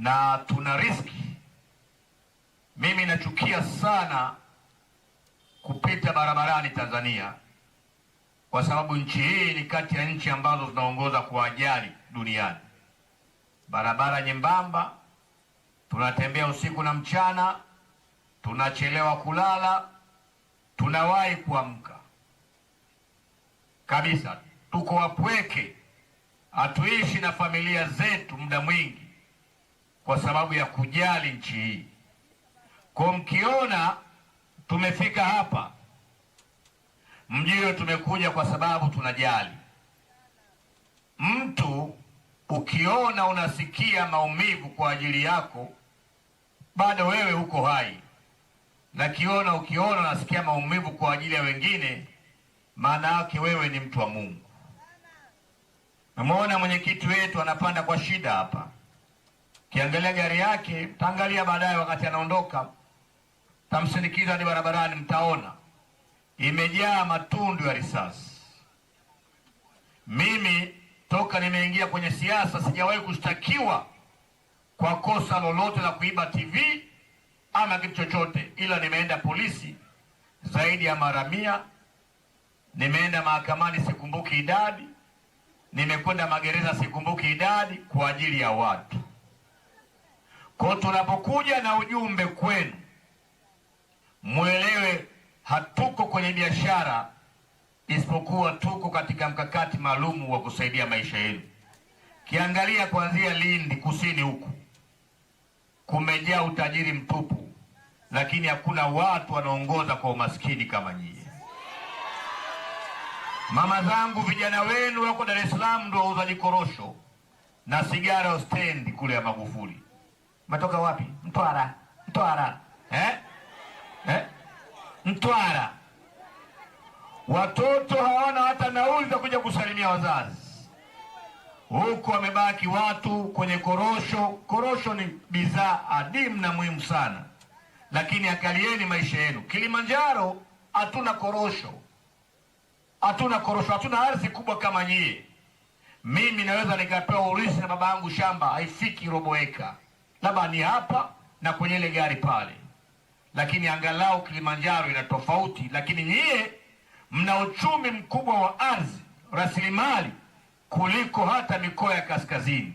na tuna riski. Mimi nachukia sana kupita barabarani Tanzania, kwa sababu nchi hii ni kati ya nchi ambazo zinaongoza kwa ajali duniani. Barabara nyembamba, tunatembea usiku na mchana, tunachelewa kulala, tunawahi kuamka kabisa, tuko wapweke, hatuishi na familia zetu muda mwingi kwa sababu ya kujali nchi hii. Kwa mkiona tumefika hapa, mjue tumekuja kwa sababu tunajali. Mtu ukiona unasikia maumivu kwa ajili yako, bado wewe uko hai, na kiona ukiona unasikia maumivu kwa ajili ya wengine, maana yake wewe ni mtu wa Mungu. Umeona mwenyekiti wetu anapanda kwa shida hapa. Ukiangalia gari yake, taangalia baadaye wakati anaondoka, tamsindikiza hadi barabarani, mtaona imejaa matundu ya risasi. Mimi toka nimeingia kwenye siasa sijawahi kushtakiwa kwa kosa lolote la kuiba TV ama kitu chochote, ila nimeenda polisi zaidi ya mara mia, nimeenda mahakamani sikumbuki idadi, nimekwenda magereza sikumbuki idadi, kwa ajili ya watu. Kwa tunapokuja na ujumbe kwenu, mwelewe hatuko kwenye biashara, isipokuwa tuko katika mkakati maalum wa kusaidia maisha yenu. Kiangalia kuanzia Lindi kusini huku kumejaa utajiri mtupu, lakini hakuna watu wanaongoza kwa umaskini kama nyie. Mama zangu, vijana wenu wako Dar es Salaam ndio wauzaji korosho na sigara stendi kule ya Magufuli. Matoka wapi? Mtwara. Mtwara. Eh? Eh? Mtwara. Watoto hawana hata nauli za kuja kusalimia wazazi, huku wamebaki watu kwenye korosho. Korosho ni bidhaa adimu na muhimu sana, lakini angalieni maisha yenu. Kilimanjaro hatuna korosho, hatuna korosho, hatuna ardhi kubwa kama nyie. Mimi naweza nikapewa urithi na baba yangu shamba haifiki robo eka labda ni hapa na kwenye ile gari pale, lakini angalau Kilimanjaro ina tofauti. Lakini nyie mna uchumi mkubwa wa ardhi, rasilimali kuliko hata mikoa ya kaskazini.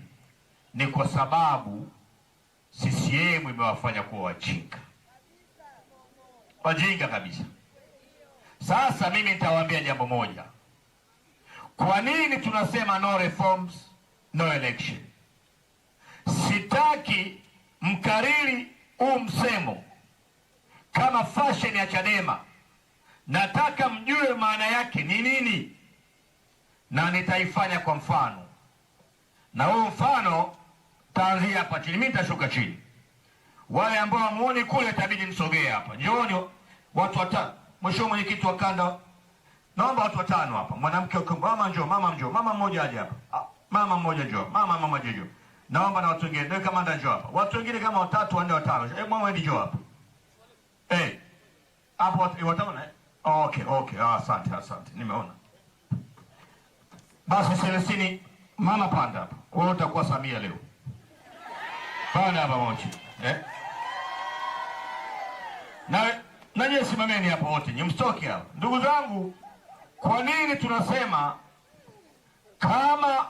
Ni kwa sababu CCM imewafanya kuwa wajinga, wajinga kabisa. Sasa mimi nitawaambia jambo moja. Kwa nini tunasema no reforms, no election? sitaki mkariri huu msemo kama fashion ya Chadema. Nataka mjue maana yake ni nini, na nitaifanya kwa mfano, na huu mfano taanzia hapa chini. Mimi nitashuka chini, wale ambao hamuoni kule itabidi msogee hapa. Njooni watu watano. Mheshimiwa mwenyekiti wa kanda, naomba watu watano hapa. Mwanamke, mama njoo, mama njoo, mama mmoja aje hapa, ah, mama mmoja njoo, mama mama njoo naomba na watu wengine, ndio kamanda njoo hapa, watu wengine kama watatu wanne watano, hebu eh, mama ndio njoo hapa eh, hapo watu eh, wataona. Eh? Okay, okay, ah asante, asante, nimeona. Basi Selestini, mama panda hapa, wewe utakuwa Samia leo, panda hapa mochi eh, na na nyie simameni hapo wote, nyinyi mstoki hapa. Ndugu zangu, kwa nini tunasema kama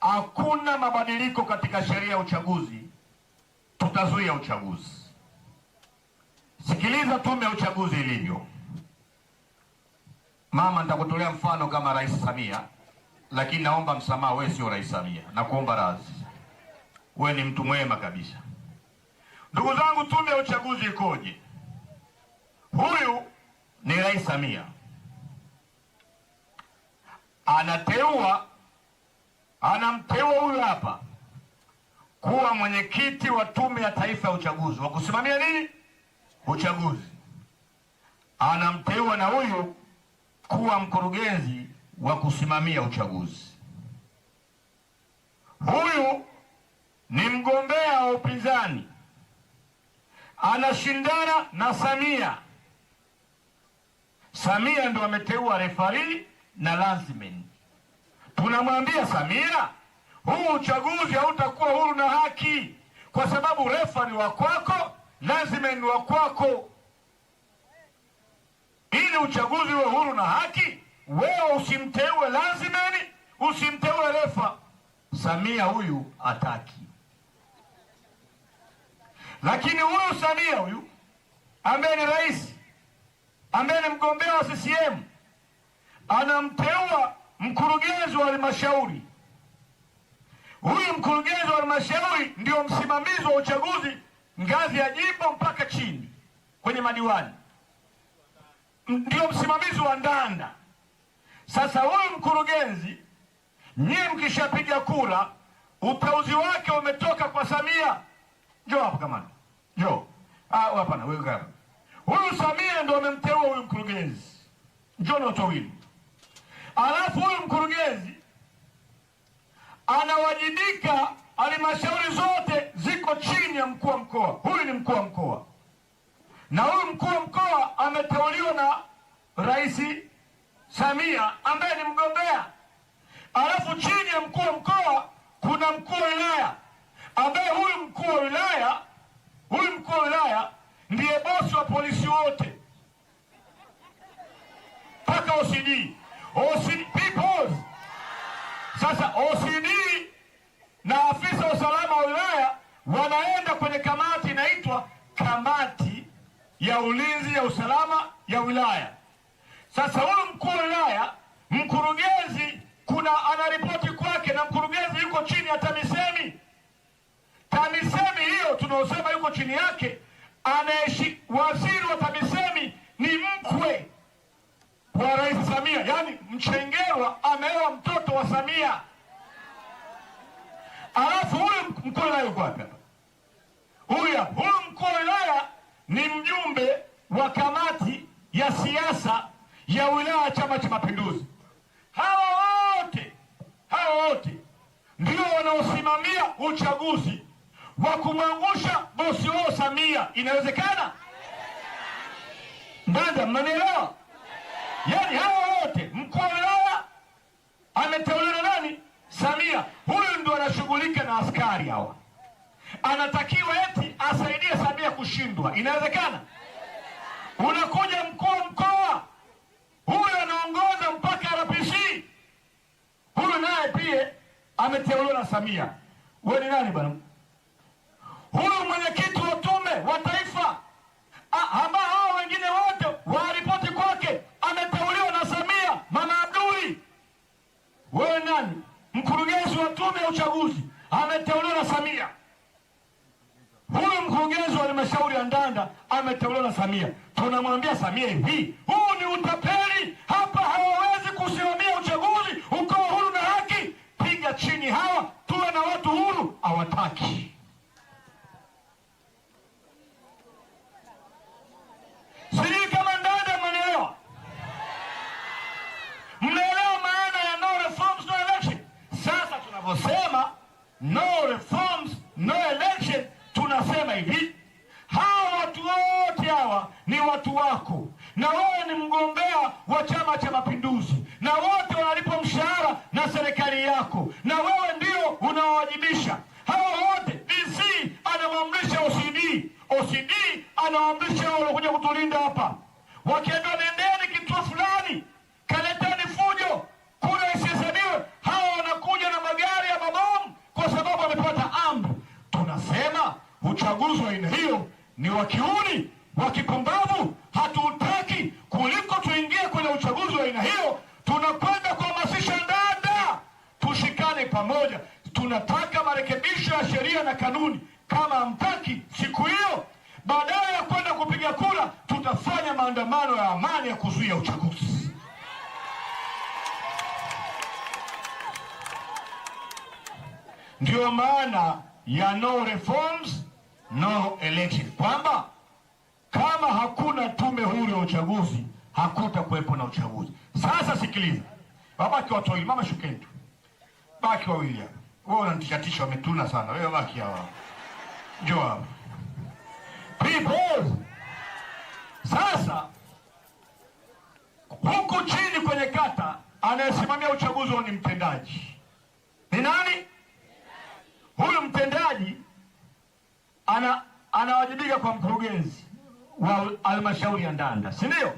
hakuna mabadiliko katika sheria ya uchaguzi, tutazuia uchaguzi. Sikiliza tume ya uchaguzi ilivyo. Mama, nitakutolea mfano kama Rais Samia, lakini naomba msamaha, wewe sio Rais Samia, nakuomba radhi, wewe ni mtu mwema kabisa. Ndugu zangu, tume ya uchaguzi ikoje? Huyu ni Rais Samia anateua anamteua huyu hapa kuwa mwenyekiti wa Tume ya Taifa ya Uchaguzi wa kusimamia nini uchaguzi, anamteua na huyu kuwa mkurugenzi wa kusimamia uchaguzi. Huyu ni mgombea wa upinzani anashindana na Samia. Samia ndo ameteua refari na lazimeni tunamwambia Samia, huu uchaguzi hautakuwa huru na haki, kwa sababu refa ni wa kwako, lazima ni wa kwako. Ili uchaguzi uwe huru na haki, wewe usimteue lazima ni usimteue refa. Samia huyu ataki, lakini huyu Samia huyu ambaye ni rais ambaye ni mgombea wa CCM anamteua mkurugenzi wa halmashauri. Huyu mkurugenzi wa halmashauri ndio msimamizi wa uchaguzi ngazi ya jimbo mpaka chini kwenye madiwani, ndio msimamizi wa ndanda. Sasa huyu mkurugenzi, nyie mkishapiga kura, uteuzi wake umetoka kwa Samia. Njoo hapa kamanda, njoo. Ah, hapana, wewe kama huyu Samia ndio amemteua huyu mkurugenzi. Njoo na watu wawili Alafu huyu mkurugenzi anawajibika, halmashauri zote ziko chini ya mkuu wa mkoa. Huyu ni mkuu wa mkoa, na huyu mkuu wa mkoa ameteuliwa na Rais Samia ambaye ni mgombea. Alafu chini ya mkuu wa mkoa kuna mkuu wa wilaya ambaye huyu mkuu wa wilaya huyu mkuu wa wilaya ndiye bosi wa polisi wote mpaka OCD. Ocean Peoples. Sasa OCD na afisa wa usalama wa wilaya wanaenda kwenye kamati inaitwa kamati ya ulinzi ya usalama ya wilaya. Sasa huyu mkuu wa wilaya, mkurugenzi kuna anaripoti kwake, na mkurugenzi yuko chini ya TAMISEMI. TAMISEMI hiyo tunaosema yuko chini yake, anaishi waziri wa TAMISEMI ni mkwe kwa Rais Samia. Yaani Mchengerwa ameoa mtoto wa Samia, alafu huyu mkuu wa wilaya yuko Huyu huyu mkuu wa wilaya ni mjumbe wa kamati ya siasa ya wilaya ya Chama cha Mapinduzi. Hawa wote hawa wote ndio wanaosimamia uchaguzi wa kumwangusha bosi wao Samia. Inawezekana? mbanda mnanielewa Yaani hawa wote mkuu wa wilaya ameteuliwa nani? Samia. Huyu ndio anashughulika na askari hawa, anatakiwa eti asaidie Samia kushindwa? Inawezekana? Unakuja mkuu wa mkoa huyu anaongoza mpaka RPC, huyu naye pia ameteuliwa na Samia. Wewe ni nani bwana? Huyu mwenyekiti wa tume tume ya uchaguzi ameteuliwa na Samia. huyo mkurugenzi wa halmashauri ya Ndanda ameteuliwa na Samia. Tunamwambia Samia hivi, huu ni utapeli hapa, hawawezi kusimamia uchaguzi ukawa huru na haki. Piga chini hawa, tuwe na watu huru. Hawataki. tunaposema no reforms, no election, tunasema hivi, hawa watu wote hawa ni watu wako, na wewe ni mgombea wa Chama cha Mapinduzi, na wote wanalipwa mshahara na serikali yako, na wewe ndio unawawajibisha hawa wote. DC anawaamrisha OCD, OCD wao kuja kutulinda hapa, wakiambiwa nendeni kituo fulani kaleta anasema uchaguzi wa aina hiyo ni wa kiuni, wa kipumbavu, hatutaki. Kuliko tuingie kwenye uchaguzi wa aina hiyo, tunakwenda kuhamasisha dada, tushikane pamoja. Tunataka marekebisho ya sheria na kanuni. Kama hamtaki siku hiyo, badala ya kwenda kupiga kura, tutafanya maandamano ya amani ya kuzuia uchaguzi. Ndiyo maana ya no reforms no election, kwamba kama hakuna tume huru ya uchaguzi hakuta kuwepo na uchaguzi. Sasa sikiliza, wabaki watu wawili, mama shukeni tu, baki wawili hapa. Wewe unanitishatisha, wametuna sana wewe, baki hawa, njoo hapa people. Sasa huku chini kwenye kata anayesimamia uchaguzi ni mtendaji, ni nani? Huyu mtendaji ana anawajibika kwa mkurugenzi wa halmashauri ya Ndanda, si ndio?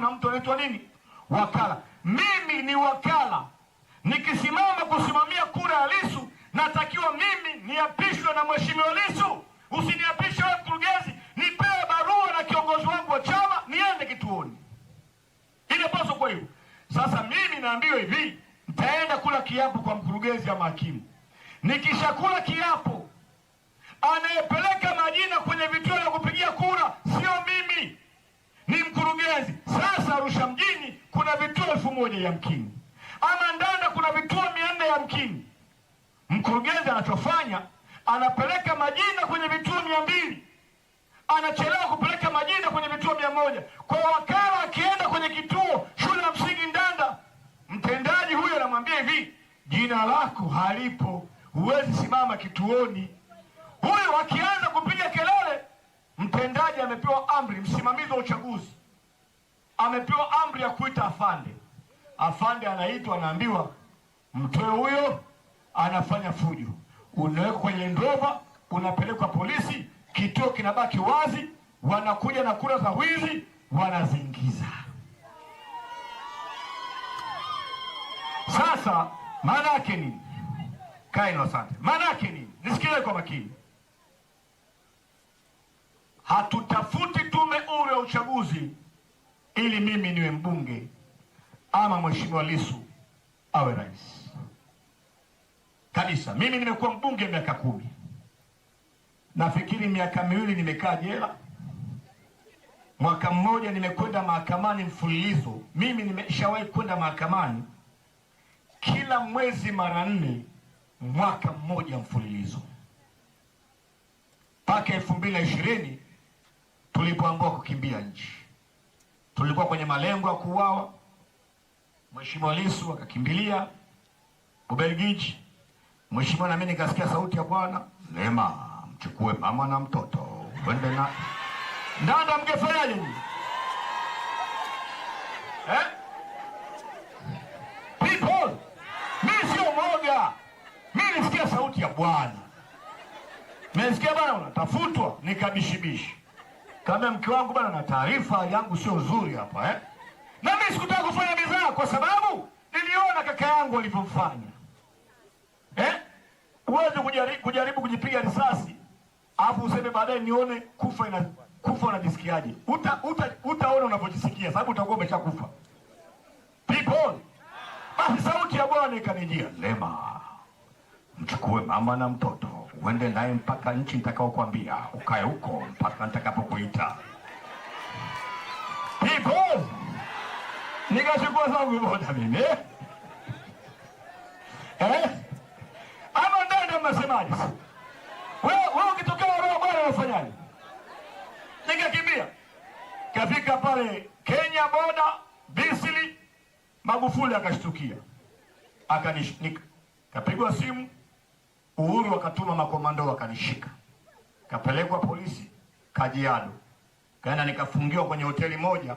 kuna mtu anaitwa nini? Wakala. Mimi ni wakala, nikisimama kusimamia kura ya Lisu natakiwa mimi niapishwe na mheshimiwa Lisu. Usiniapishe wewe mkurugenzi, nipewe barua na kiongozi wangu wa chama niende kituoni. Inapaswa kwa hiyo. Sasa mimi naambiwa hivi, nitaenda kula kiapo kwa mkurugenzi ama hakimu. Nikishakula kiapo, anayepeleka majina kwenye vituo vya kupigia kura sio mimi ni mkurugenzi sasa. Arusha mjini kuna vituo elfu moja yamkini, ama Ndanda kuna vituo mia nne mkini. Mkurugenzi anachofanya anapeleka majina kwenye vituo mia mbili anachelewa kupeleka majina kwenye vituo mia moja kwa wakala. Akienda kwenye kituo shule ya msingi Ndanda, mtendaji huyo anamwambia hivi, jina lako halipo, huwezi simama kituoni. Huyo akianza kupiga kelele Mtendaji amepewa amri, msimamizi wa uchaguzi amepewa amri ya kuita afande. Afande anaitwa, anaambiwa mtoe huyo, anafanya fujo, unawekwa kwenye ndova, unapelekwa polisi, kituo kinabaki wazi, wanakuja na kura za wizi wanazingiza Sasa maana yake nini? Kaino, asante. Maana yake nini? Nisikilize kwa makini hatutafuti tume huru ya uchaguzi ili mimi niwe mbunge ama mheshimiwa Lisu awe rais kabisa. Mimi nimekuwa mbunge miaka kumi, nafikiri miaka miwili nimekaa jela, mwaka mmoja nimekwenda mahakamani mfululizo. Mimi nimeshawahi kwenda mahakamani kila mwezi mara nne, mwaka mmoja mfululizo mpaka elfu mbili na ishirini tulipoamua kukimbia nchi. Tulikuwa kwenye malengo ya kuuawa. Mheshimiwa Lissu akakimbilia Ubelgiji. Mheshimiwa, nami nikasikia sauti ya Bwana, Lema, mchukue mama na mtoto wende na Ndanda. mgefanya nini eh? People, mimi sio nisikia sauti ya Bwana, nimesikia Bwana unatafutwa, nikabishibishi Kaambia mke wangu bana, na taarifa yangu sio nzuri hapa eh. Na mimi sikutaka kufanya bidhaa kwa sababu niliona kaka yangu alivyomfanya. Eh? Uweze kujaribu, kujaribu kujipiga risasi alafu useme baadaye nione kufa ina kufa unajisikiaje? Uta, uta, utaona unavyojisikia sababu utakuwa umeshakufa. People. Basi sauti ya Bwana ikanijia, Lema. Mchukue mama na mtoto uende naye mpaka nchi nitakaokwambia, ukae huko mpaka nitakapokuita. People, nikachukua zangu boda mimi eh, eh? ama ndani mnasemaje? Wewe wewe, ukitokea roho bwana unafanyaje? Nikakimbia kafika pale Kenya boda Bisili, Magufuli akashtukia, akanishika, kapigwa simu Uhuru wakatuma makomando wakanishika, kapelekwa polisi Kajiado, kaenda nikafungiwa kwenye hoteli moja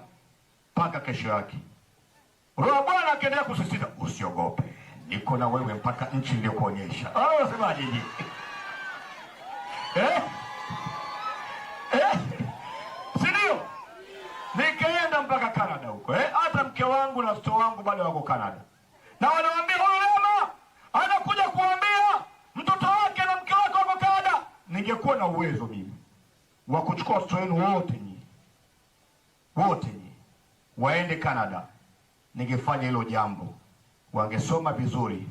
mpaka kesho yake. Roho Bwana akaendelea kusisitiza, usiogope, niko na wewe mpaka nchi niliyokuonyesha. Ah, unasemaje? Eh? Eh? Si Nikaenda mpaka Canada huko. Eh? Hata mke wangu na mtoto wangu bado wako Canada na wanawaambia ningekuwa na uwezo mimi wa kuchukua watoto wenu wote nyinyi wote nyinyi waende Canada, ningefanya hilo jambo. Wangesoma vizuri,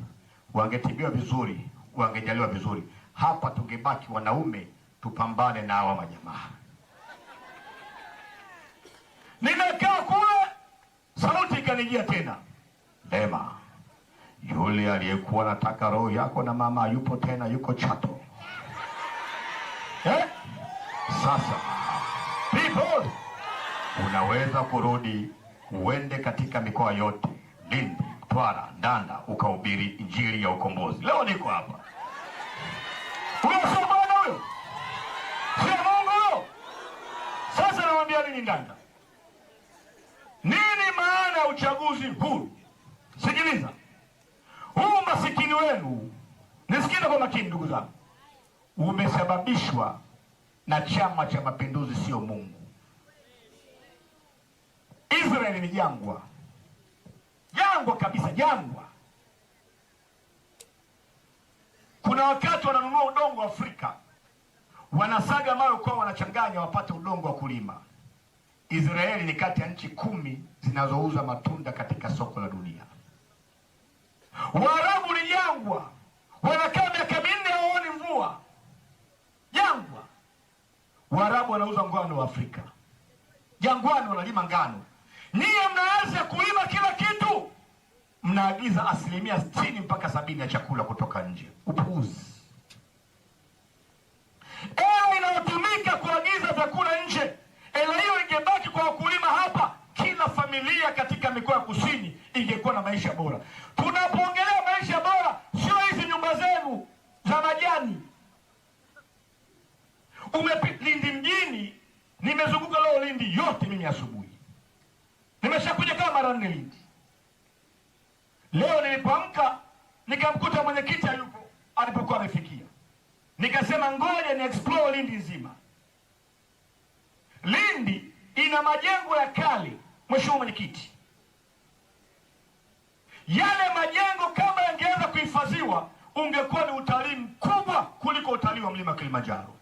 wangetibiwa vizuri, wangejaliwa vizuri. Hapa tungebaki wanaume tupambane na hawa majamaa. Nimekaa kule, sauti ikanijia tena, Lema, yule aliyekuwa anataka roho yako na mama yupo tena, yuko Chato. Sasa people, unaweza kurudi uende katika mikoa yote Lindi, Mtwara, Ndanda, ukahubiri injili ya ukombozi. Leo niko hapa sasa nawambia nini Ndanda? Nini maana ya uchaguzi huu? Sikiliza huu masikini wenu, nisikiliza kwa makini ndugu zangu, umesababishwa na Chama cha Mapinduzi sio Mungu. Israeli ni jangwa, jangwa kabisa, jangwa. Kuna wakati wananunua udongo wa Afrika, wanasaga mawe kwa, wanachanganya wapate udongo wa kulima. Israeli ni kati ya nchi kumi zinazouza matunda katika soko la dunia. Waarabu ni jangwa, wanakaa miaka Waarabu wanauza ngano wa Afrika, jangwani wanalima ngano. Niye mnaanza kulima kila kitu, mnaagiza asilimia sitini mpaka sabini ya chakula kutoka nje. Upuuzi. Ewe inayotumika kuagiza vyakula nje, ela hiyo ingebaki kwa wakulima hapa, kila familia katika mikoa ya kusini ingekuwa na maisha bora. Tunapoongelea maisha bora, sio hizi nyumba zenu za majani Umepi Nimezunguka leo Lindi yote mimi asubuhi, nimeshakuja kama mara nne Lindi. Leo nilipoamka nikamkuta mwenyekiti hayupo alipokuwa amefikia, nikasema ngoja ni explore Lindi nzima. Lindi ina majengo ya kale, mheshimiwa mwenyekiti, yale majengo kama yangeweza kuhifadhiwa ungekuwa ni utalii mkubwa kuliko utalii wa mlima Kilimanjaro.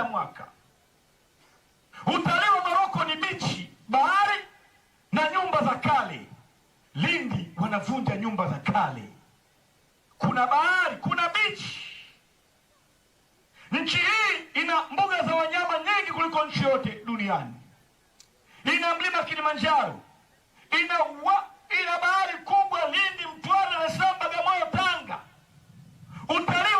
kila mwaka. Utalii wa Moroko ni bichi, bahari na nyumba za kale. Lindi wanavunja nyumba za kale, kuna bahari, kuna bichi. Nchi hii ina mbuga za wanyama nyingi kuliko nchi yote duniani, ina mlima Kilimanjaro, ina wa, ina bahari kubwa Lindi, Mtwara, Dar es Salaam, Bagamoyo, Tanga. utalii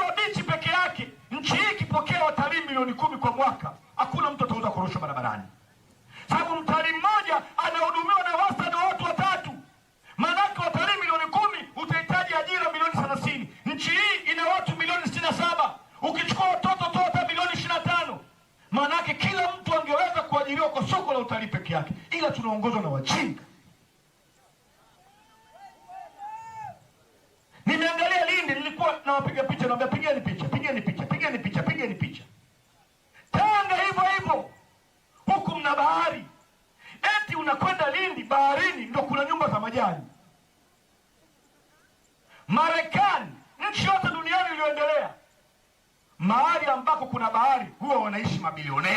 tukipokea watalii milioni kumi kwa mwaka, hakuna mtu ataweza kurushwa barabarani, sababu mtalii mmoja anahudumiwa na wastani wa watu watatu. Maanake watalii milioni kumi utahitaji ajira milioni thelathini. Nchi hii ina watu milioni sitini na saba ukichukua watoto tu hata milioni ishirini na tano maanake kila mtu angeweza kuajiriwa kwa soko la utalii peke yake, ila tunaongozwa na wachinga Nimeangalia Lindi, nilikuwa nawapiga picha, nawaambia pigeni picha, pigeni picha piga ni picha, piga ni picha. Tanga hivyo hivyo, huku mna bahari, eti unakwenda Lindi, baharini ndio kuna nyumba za majani. Marekani, nchi yote duniani iliyoendelea, mahali ambako kuna bahari huwa wanaishi mabilionea.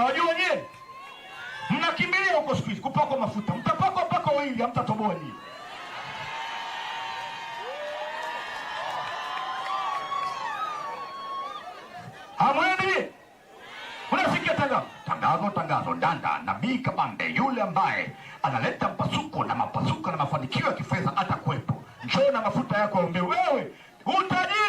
mnawajua nyie? Mnakimbilia huko siku hizi kupakwa mafuta, mtapakwa mpaka wawili, hamtatoboa nyie. Hamwendi? Unasikia tangazo, tangazo, tangazo, danda, Nabii Kabande yule ambaye analeta mpasuko na mapasuko na mafanikio ya kifedha atakuwepo. Njoo na mafuta yako, ombe wewe utaji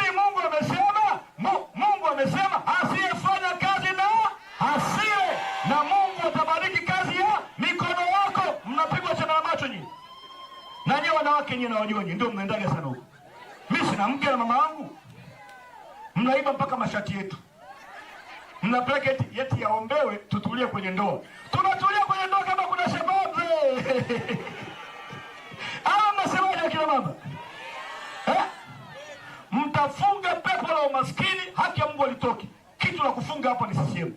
wake nyinyi na wajoni ndio mnaendaga sana huko. Mimi sina mke na mama wangu, mnaiba mpaka mashati yetu, mna bracket yeti yaombewe tutulie kwenye ndoa. Tunatulia kwenye ndoa kama kuna shababu Ah, mnasemaje kina mama eh? Mtafunga pepo la umaskini, haki ya Mungu alitoki kitu la kufunga hapa ni CCM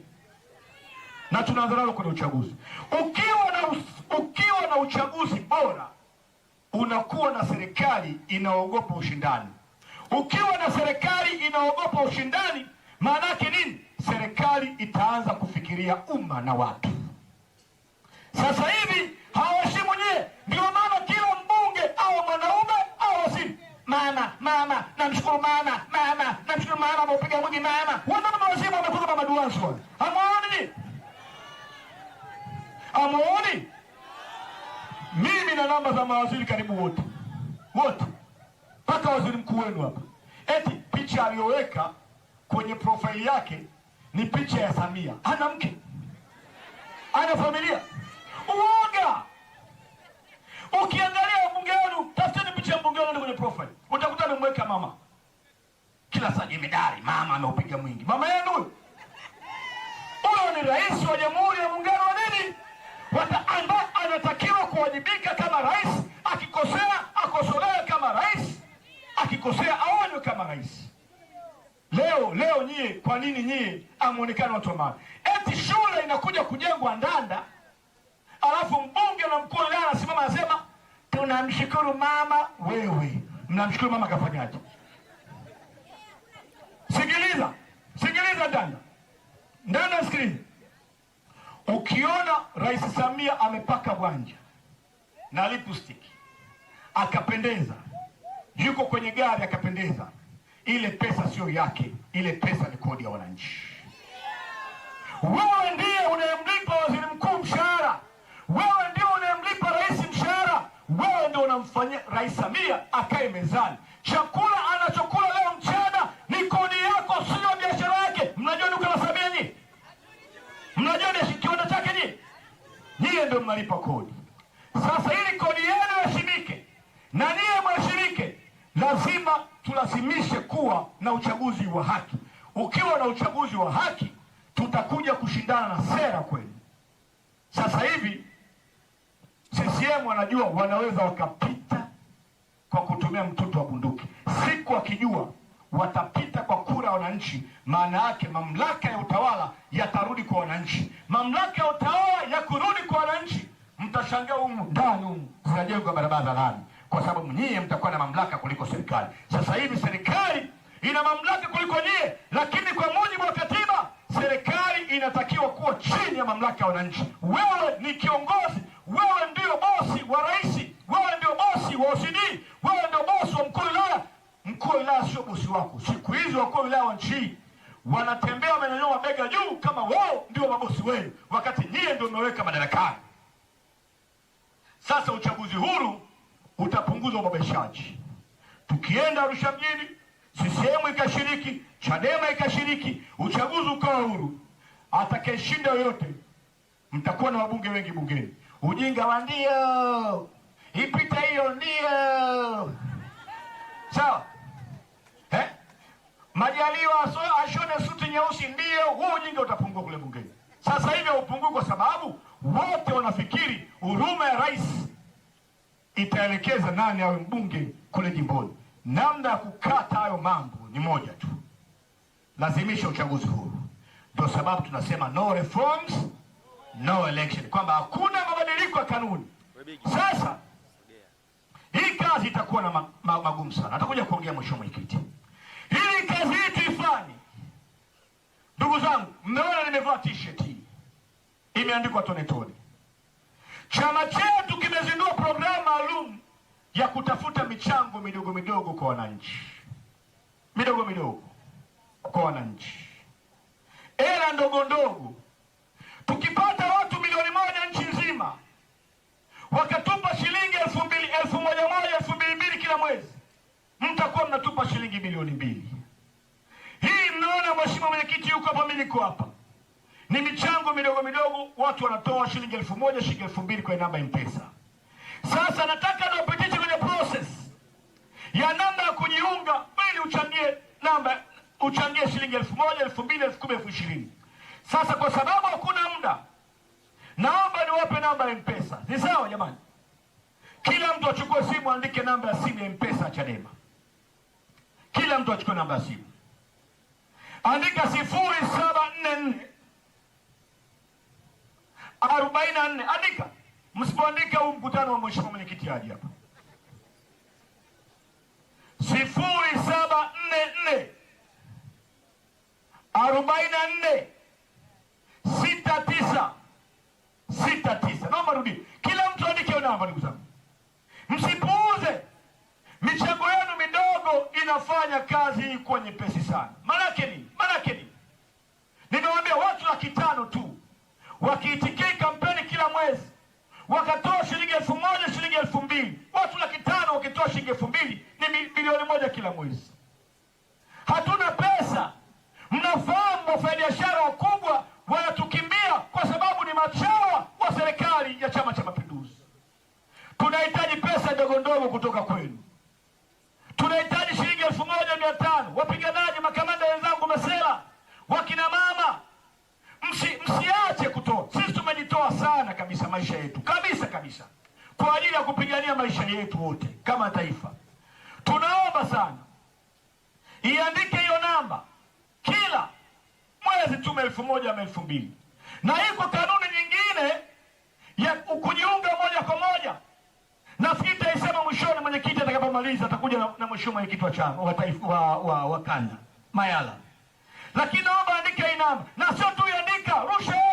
na tunadharau nalo kwenye uchaguzi. Ukiwa na, ukiwa na uchaguzi bora unakuwa na serikali inaogopa ushindani. Ukiwa na serikali inaogopa ushindani, maana yake nini? Serikali itaanza kufikiria umma na watu. Sasa hivi hawaheshimu nyie, ndio maana kila mbunge au mwanaume au si mama, mama namshukuru mama, mama namshukuru mama, ameupiga mwingi mama, wanaume wazima wamekuza mamaduaso, amuoni amuoni mimi na namba za mawaziri karibu wote wote, mpaka waziri mkuu wenu hapa, eti picha aliyoweka kwenye profaili yake ni picha ya Samia. Ana mke, ana familia. Uoga! Ukiangalia wabunge wenu, tafuteni picha ya mbunge wenu kwenye profile, utakuta amemweka mama kila saa, jemedari mama ameupiga mwingi. Mama yenu huyo ni rais wa Jamhuri ya Muungano wa nini? ambao anatakiwa kuwajibika kama rais. Akikosea akosolewe kama rais, akikosea aonwe kama rais. Leo leo nyie, kwa nini nyie amuonekana watu wa maana? Eti shule inakuja kujengwa Ndanda, alafu mbunge na mkuu wa anasimama anasema tunamshukuru mama. Wewe mnamshukuru mama kafanyaje? Sikiliza, sikiliza Ndanda, Ndanda, sikiliza. Ukiona Rais Samia amepaka bwanja na lipstick akapendeza, yuko kwenye gari akapendeza. Ile pesa sio yake, ile pesa ni kodi ya wananchi. Wewe ndiye unayemlipa waziri mkuu mshahara, wewe ndiye unayemlipa rais mshahara, wewe ndio unamfanyia Rais Samia akae mezani. Chakula anachokula leo mchana ni kodi yako, sio biashara yake. Mnajua duka la Samia nyinyi? Mnajua kiwanda nyiye ndio mnalipa kodi. Sasa ili kodi yenu iheshimike na niye mheshimike, lazima tulazimishe kuwa na uchaguzi wa haki. Ukiwa na uchaguzi wa haki, tutakuja kushindana na sera kweli. Sasa hivi CCM wanajua wanaweza wakapita kwa kutumia mtutu wa bunduki, siku akijua watapita kwa kura ya wananchi, maana yake mamlaka ya utawala yatarudi kwa wananchi. Mamlaka ya utawala ya kurudi kwa wananchi, mtashangaa humu ndani humu zinajengwa barabara za lami, kwa sababu nyie mtakuwa na mamlaka kuliko serikali. Sasa hivi serikali ina mamlaka kuliko nyie, lakini kwa mujibu wa katiba serikali inatakiwa kuwa chini ya mamlaka ya wananchi. Wewe ni kiongozi, wewe ndio bosi wa rais, wewe ndio bosi wa OCD, wewe ndio bosi wa mkuu wa wilaya Mkuu wa wilaya sio bosi wako. Siku hizi wakuu wa wilaya wa nchi wanatembea wamenyanyua mabega juu kama wao ndio mabosi wenu, wakati nyie ndio mmeweka madarakani. Sasa uchaguzi huru utapunguza ubabaishaji. Tukienda Arusha mjini, CCM ikashiriki, Chadema ikashiriki, uchaguzi ukawa huru, atakayeshinda yoyote, mtakuwa na wabunge wengi bungeni. Ujinga wa ndio ipita hiyo, ndio sawa Majaliwa so ashone suti nyeusi, ndiyo huo nyingi utapungua kule bungeni. Sasa hivi haupungui kwa sababu wote wanafikiri huruma ya rais itaelekeza nani awe mbunge kule jimboni. Namna ya kukata hayo mambo ni moja tu, lazimisha uchaguzi huru. Ndio sababu tunasema no reforms, no election, kwamba hakuna mabadiliko ya kanuni. Sasa hii kazi itakuwa na magumu sana, atakuja kuongea mwisho mwenyekiti. Hili gazeti fulani, Ndugu zangu, mmeona nimevaa t-shirt hii imeandikwa tone tone. Chama chetu kimezindua programu maalum ya kutafuta michango midogo midogo kwa wananchi, midogo midogo kwa wananchi, hela ndogo ndogo. Tukipata watu milioni moja nchi nzima wakati mtakuwa mnatupa shilingi milioni mbili. Hii mnaona, mheshimiwa mwenyekiti yuko hapa, mimi niko hapa, ni michango midogo midogo, watu wanatoa shilingi elfu moja shilingi elfu mbili kwenye namba Mpesa. Sasa nataka niwapitishe kwenye process ya namba ya kujiunga, ili uchangie namba, uchangie shilingi elfu moja elfu mbili elfu kumi elfu ishirini Sasa kwa sababu hakuna muda, naomba niwape namba ya Mpesa. Ni sawa jamani? Kila mtu achukue simu, aandike namba ya simu ya Mpesa Chadema. Kila mtu achukue namba ya simu, andika sifuri saba nne nne arobaini na nne andika. Msipoandika huu mkutano wa mheshimiwa mwenyekiti aje hapa. sifuri saba nne nne arobaini na nne sita tisa sita tisa. Naomba rudi, kila mtu andike namba, ndugu zangu, msipuuze michango yenu kidogo inafanya kazi kwa kuwa nyepesi sana. Maanake nini? Maanake nini? Nimewaambia watu laki tano tu wakiitikia kampeni kila mwezi wakatoa shilingi elfu moja shilingi elfu mbili watu laki tano wakitoa shilingi elfu mbili ni bilioni moja kila mwezi. Hatuna pesa. Mnafahamu wafanyabiashara wakubwa wanatukimbia kwa sababu ni machawa wa serikali ya Chama cha Mapinduzi. Tunahitaji pesa ndogo ndogo kutoka kwenu elfu moja mia tano wapiganaji makamanda wenzangu Masela, wakina mama, msi, msiache kutoa. Sisi tumejitoa sana kabisa maisha yetu kabisa kabisa kwa ajili ya kupigania maisha yetu wote kama taifa. Tunaomba sana iandike hiyo namba kila mwezi tume elfu moja ama elfu mbili na iko kanuni nyingine ya kujiunga moja kwa moja Nafikiri taisema mwishoni, mwenyekiti atakapomaliza atakuja na, na mheshimiwa mwenyekiti wa chama wa taifa wa, wa, wa kanda Mayala, lakini naomba andika hii namba na sio tu rusha